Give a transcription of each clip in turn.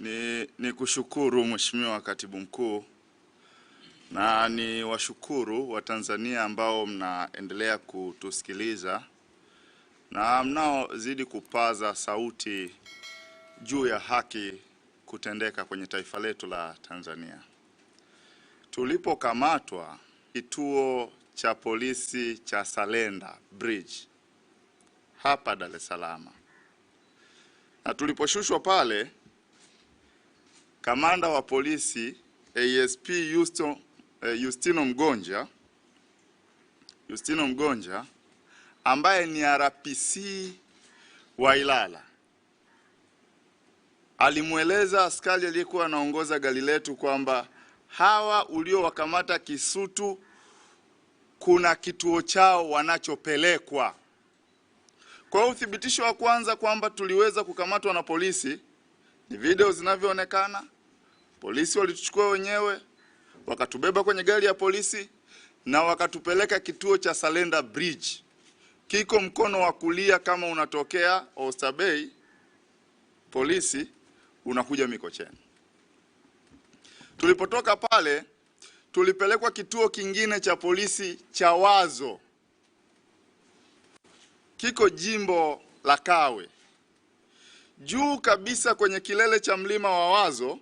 Ni, ni kushukuru Mheshimiwa Katibu Mkuu na ni washukuru Watanzania ambao mnaendelea kutusikiliza na mnaozidi kupaza sauti juu ya haki kutendeka kwenye taifa letu la Tanzania. Tulipokamatwa kituo cha polisi cha Salenda Bridge hapa Dar es Salaam, na tuliposhushwa pale Kamanda wa polisi ASP Justo, eh, Justino Mgonja Justino Mgonja ambaye ni RPC wa Ilala alimweleza askari aliyekuwa anaongoza gari letu kwamba hawa uliowakamata Kisutu kuna kituo chao wanachopelekwa. Kwa hiyo uthibitisho wa kwanza kwamba tuliweza kukamatwa na polisi ni video zinavyoonekana, polisi walituchukua wenyewe, wakatubeba kwenye gari ya polisi na wakatupeleka kituo cha Salenda Bridge, kiko mkono wa kulia kama unatokea bay polisi unakuja Mikocheni. Tulipotoka pale, tulipelekwa kituo kingine cha polisi cha Wazo, kiko jimbo la Kawe juu kabisa kwenye kilele cha mlima wa Wazo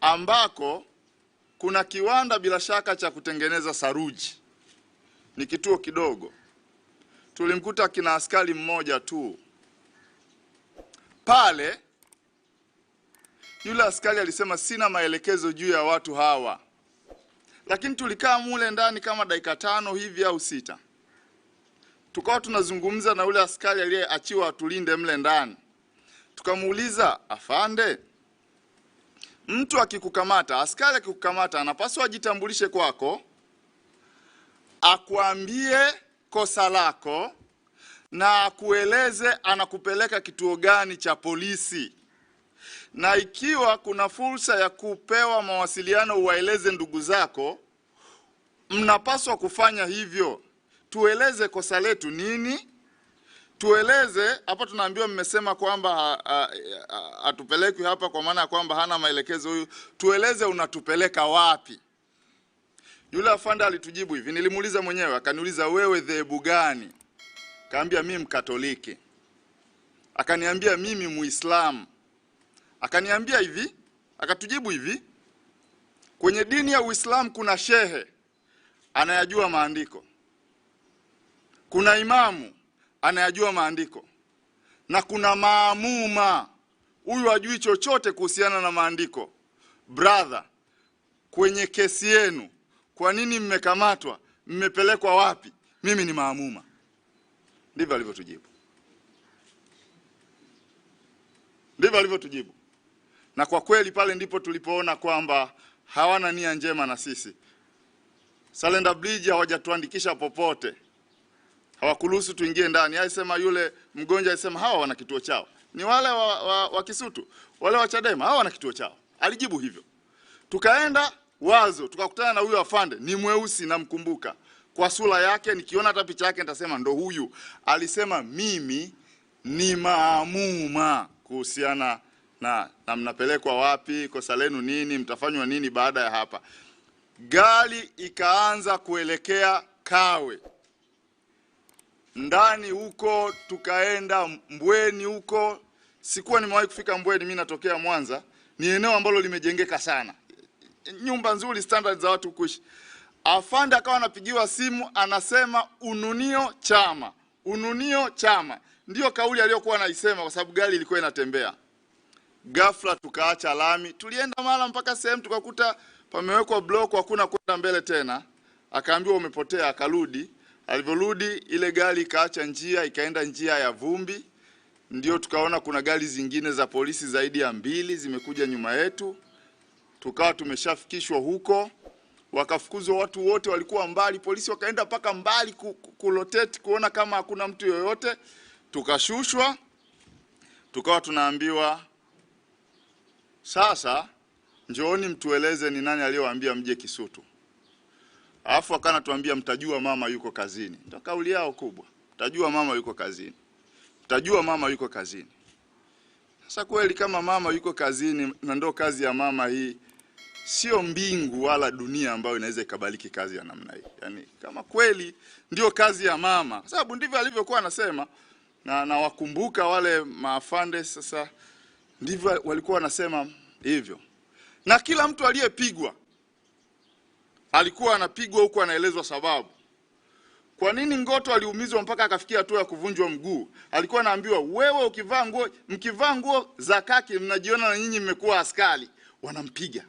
ambako kuna kiwanda bila shaka cha kutengeneza saruji. Ni kituo kidogo, tulimkuta kina askari mmoja tu pale. Yule askari alisema sina maelekezo juu ya watu hawa, lakini tulikaa mule ndani kama dakika tano hivi au sita tukawa tunazungumza na yule askari aliyeachiwa atulinde mle ndani, tukamuuliza afande, mtu akikukamata, askari akikukamata, anapaswa ajitambulishe kwako, akuambie kosa lako na akueleze anakupeleka kituo gani cha polisi, na ikiwa kuna fursa ya kupewa mawasiliano, uwaeleze ndugu zako, mnapaswa kufanya hivyo tueleze kosa letu nini, tueleze hapa. Tunaambiwa mmesema kwamba ah, ah, ah, hatupelekwi hapa, kwa maana ya kwamba hana maelekezo huyu. Tueleze unatupeleka wapi? Yule afanda alitujibu hivi, nilimuuliza mwenyewe, akaniuliza wewe dhehebu gani? Kaambia mimi Mkatoliki. Akaniambia mimi Muislamu. Akaniambia hivi, akatujibu hivi, kwenye dini ya Uislamu kuna shehe anayajua maandiko kuna imamu anayajua maandiko na kuna maamuma huyu ajui chochote kuhusiana na maandiko. Brother, kwenye kesi yenu, kwa nini mmekamatwa? Mmepelekwa wapi? Mimi ni maamuma. Ndivyo alivyotujibu, ndivyo alivyotujibu. Na kwa kweli pale ndipo tulipoona kwamba hawana nia njema na sisi. Salenda Bridge hawajatuandikisha popote hawakuruhusu tuingie ndani. Aisema yule mgonjwa, alisema hawa wana kituo chao, ni wale wa, wa, wa Kisutu wale wa Chadema, hawa wana kituo chao. Alijibu hivyo, tukaenda Wazo tukakutana na huyo afande, ni mweusi, namkumbuka kwa sura yake, nikiona hata picha yake nitasema ndo huyu. Alisema mimi ni maamuma kuhusiana na, na mnapelekwa wapi, kosa lenu nini, mtafanywa nini baada ya hapa. Gari ikaanza kuelekea Kawe ndani huko, tukaenda Mbweni huko. Sikuwa nimewahi kufika Mbweni, mimi natokea Mwanza. Ni eneo ambalo limejengeka sana, nyumba nzuri, standard za watu kuishi. Afande akawa anapigiwa simu, anasema ununio chama, ununio chama, ndiyo kauli aliyokuwa anaisema, kwa sababu gari ilikuwa inatembea. Ghafla tukaacha lami, tulienda mara mpaka sehemu tukakuta pamewekwa block, hakuna kwenda mbele tena. Akaambiwa umepotea, akarudi Alivyorudi ile gari ikaacha njia, ikaenda njia ya vumbi, ndio tukaona kuna gari zingine za polisi zaidi ya mbili zimekuja nyuma yetu, tukawa tumeshafikishwa huko, wakafukuzwa watu wote walikuwa mbali, polisi wakaenda mpaka mbali kurotate kuona kama hakuna mtu yoyote, tukashushwa, tukawa tunaambiwa sasa, njooni mtueleze ni nani aliyowaambia mje Kisutu. Alafu akawa anatuambia mtajua mama yuko kazini. Ndio kauli yao kubwa. Mtajua mama yuko kazini. Mtajua mama yuko kazini. Sasa kweli kama mama yuko kazini na ndio kazi ya mama hii sio mbingu wala dunia ambayo inaweza ikabaliki kazi ya namna hii. Yaani kama kweli ndio kazi ya mama. Sababu ndivyo alivyokuwa anasema na nawakumbuka wale maafande sasa ndivyo walikuwa wanasema hivyo. Na kila mtu aliyepigwa alikuwa anapigwa huku anaelezwa sababu. Kwa nini Ngoto aliumizwa mpaka akafikia hatua ya kuvunjwa mguu? Alikuwa anaambiwa wewe, ukivaa nguo, mkivaa nguo za kaki mnajiona na nyinyi mmekuwa askari, wanampiga.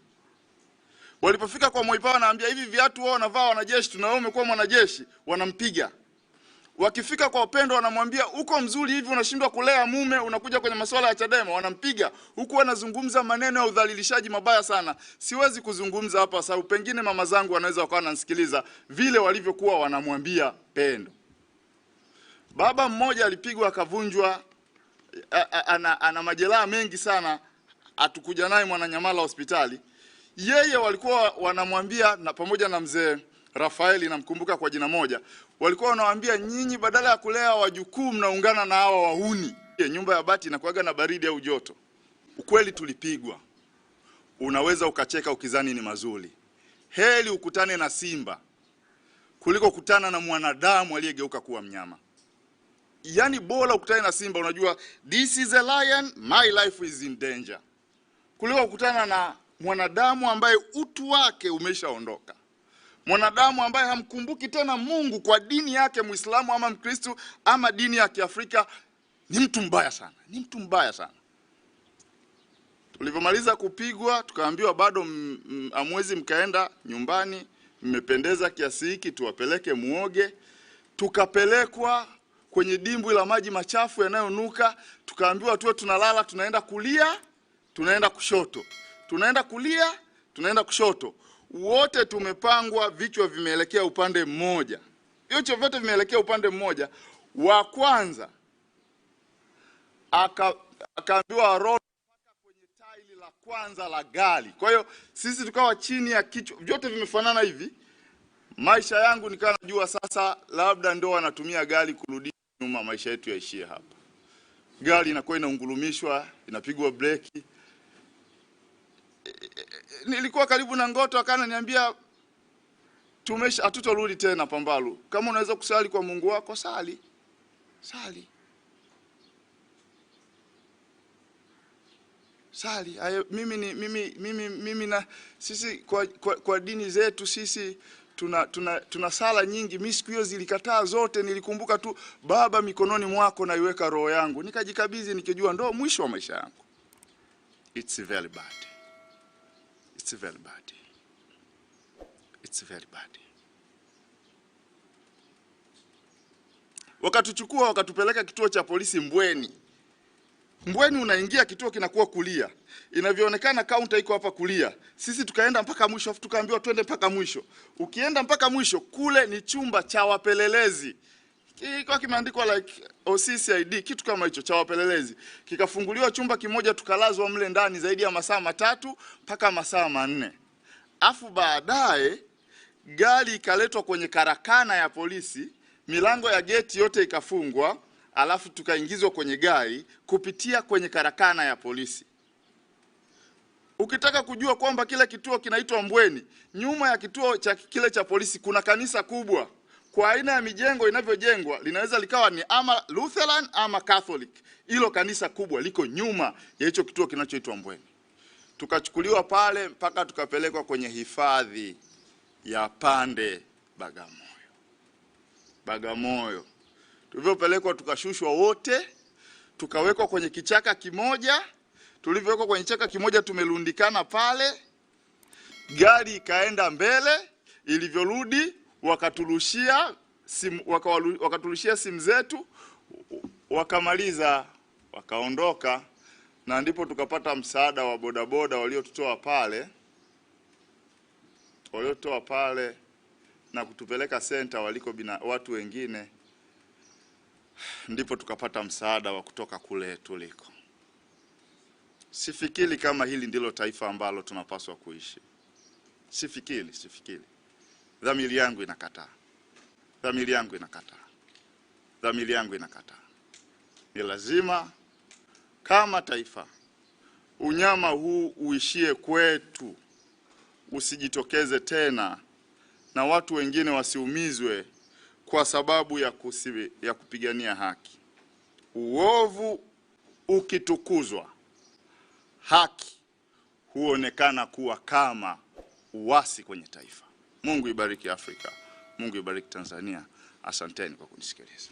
Walipofika kwa Moipa wanaambia hivi, viatu wao wanavaa wanajeshi, tuna umekuwa mwanajeshi, wanampiga. Wakifika kwa Upendo wanamwambia uko mzuri hivi unashindwa kulea mume, unakuja kwenye masuala ya Chadema wanampiga, huku wanazungumza maneno ya udhalilishaji mabaya sana. Siwezi kuzungumza hapa sababu pengine mama zangu wanaweza wakawa wanansikiliza vile walivyokuwa wanamwambia Pendo. Baba mmoja alipigwa akavunjwa, ana, ana majeraha mengi sana, atukuja naye Mwananyamala hospitali. Yeye walikuwa wanamwambia na pamoja na mzee Rafaeli, namkumbuka kwa jina moja, walikuwa wanawaambia nyinyi, badala ya kulea wajukuu mnaungana na hawa wahuni. Nyumba ya bati inakuwaga na baridi au joto. Ukweli tulipigwa, unaweza ukacheka ukizani ni mazuri. Heli ukutane na simba kuliko kutana na mwanadamu aliyegeuka kuwa mnyama. Yaani bora ukutane na simba, unajua this is a lion, my life is in danger, kuliko kukutana na mwanadamu ambaye utu wake umeshaondoka. Mwanadamu ambaye hamkumbuki tena Mungu kwa dini yake, Muislamu ama Mkristu ama dini ya Kiafrika, ni mtu mbaya sana, ni mtu mbaya sana. Tulivyomaliza kupigwa, tukaambiwa bado amwezi mkaenda nyumbani, mmependeza kiasi hiki, tuwapeleke muoge. Tukapelekwa kwenye dimbwi la maji machafu yanayonuka, tukaambiwa tuwe tunalala, tunaenda kulia, tunaenda kushoto, tunaenda kulia, tunaenda kushoto wote tumepangwa, vichwa vimeelekea upande mmoja, vichwa vyote vimeelekea upande mmoja. Wa kwanza akaambiwa roho mpaka kwenye la kwanza la gari. Kwa hiyo sisi tukawa chini ya kichwa, vyote vimefanana hivi. Maisha yangu nikawa najua sasa, labda ndo wanatumia gari kurudi nyuma, maisha yetu yaishie hapa. Gari inakuwa inaungulumishwa, inapigwa breki nilikuwa karibu na Ngoto, akananiambia tumesha, hatutorudi tena Pambalu. Kama unaweza kusali kwa Mungu wako sali, sali, sali. Ayo, mimi ni mimi, mimi, mimi na sisi kwa, kwa, kwa dini zetu sisi tuna, tuna, tuna sala nyingi. Mimi siku hiyo zilikataa zote, nilikumbuka tu Baba, mikononi mwako naiweka roho yangu, nikajikabidhi nikijua ndo mwisho wa maisha yangu. It's very bad. It's very bad. It's very bad. Wakatuchukua wakatupeleka kituo cha polisi Mbweni. Mbweni unaingia kituo kinakuwa kulia, inavyoonekana kaunta iko hapa kulia. Sisi tukaenda mpaka mwisho, afu tukaambiwa twende mpaka mwisho. Ukienda mpaka mwisho kule ni chumba cha wapelelezi kilikuwa kimeandikwa like OCCID kitu kama hicho cha wapelelezi, kikafunguliwa chumba kimoja, tukalazwa mle ndani zaidi ya masaa matatu mpaka masaa manne, afu baadaye gari ikaletwa kwenye karakana ya polisi, milango ya geti yote ikafungwa, alafu tukaingizwa kwenye gari kupitia kwenye karakana ya polisi. Ukitaka kujua kwamba kile kituo kinaitwa Mbweni, nyuma ya kituo cha kile cha polisi kuna kanisa kubwa kwa aina ya mijengo inavyojengwa linaweza likawa ni ama Lutheran ama Catholic. Hilo kanisa kubwa liko nyuma ya hicho kituo kinachoitwa Mbweni. Tukachukuliwa pale mpaka tukapelekwa kwenye hifadhi ya Pande Bagamoyo. Bagamoyo tulivyopelekwa, tukashushwa wote, tukawekwa kwenye kichaka kimoja. Tulivyowekwa kwenye kichaka kimoja, tumelundikana pale, gari ikaenda mbele, ilivyorudi wakatulushia simu, wakatulushia simu zetu, wakamaliza wakaondoka, na ndipo tukapata msaada wa bodaboda waliotutoa pale waliotoa pale na kutupeleka senta waliko bina, watu wengine, ndipo tukapata msaada wa kutoka kule tuliko. Sifikiri kama hili ndilo taifa ambalo tunapaswa kuishi. Sifikiri, sifikiri dhamiri yangu inakataa, dhamiri yangu inakataa, dhamiri yangu inakataa. Ni lazima kama taifa unyama huu uishie kwetu, usijitokeze tena na watu wengine wasiumizwe kwa sababu ya, kusibi, ya kupigania haki. Uovu ukitukuzwa, haki huonekana kuwa kama uasi kwenye taifa. Mungu ibariki Afrika, Mungu ibariki Tanzania. Asanteni kwa kunisikiliza.